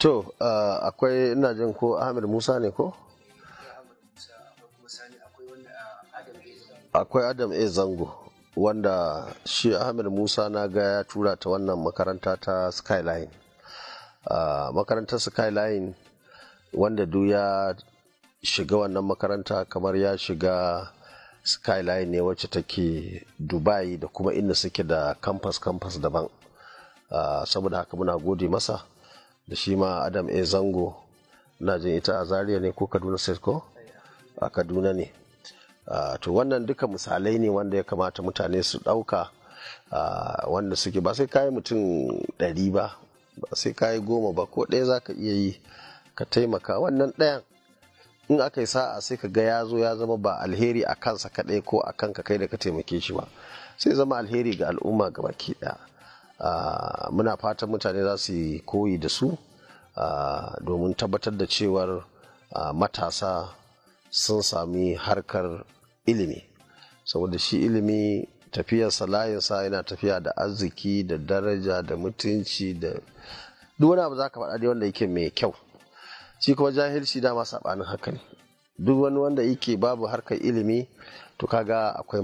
to uh, akwai ina jin ko ahmed musa ne ko akwai adam a zango wanda shi ahmed musa na ga ya tura ta wannan makaranta ta skyline a uh, makarantar skyline wanda duk ya shiga wannan makaranta kamar ya shiga skyline ne wacce take dubai da kuma inda suke da campus campus daban uh, saboda haka muna gode masa da shi ma adam a zango na jin ita a zaria ne ko kaduna state ko a kaduna ne to wannan duka misalai ne wanda ya kamata mutane su ɗauka wanda suke ba sai kayi mutum ɗari ba ba sai kayi goma ba ko ɗaya za ka iya yi ka taimaka wannan ɗayan in aka yi sa'a sai ka ga ya zo ya zama ba alheri a kansa kaɗai ko a kanka kai da ka taimake shi ba sai zama alheri ga al'umma ga baki ɗaya Ah, muna fatan mutane za su yi koyi da su ah, domin tabbatar da cewar ah, matasa sun sami harkar ilimi saboda shi ilimi tafiyarsa layinsa yana tafiya da arziki da daraja da mutunci da duk wani abu za ka faɗa dai wanda yake mai kyau shi kuma jahilci dama saɓanin haka ne duk wani wanda yake babu harkar ilimi to kaga akwai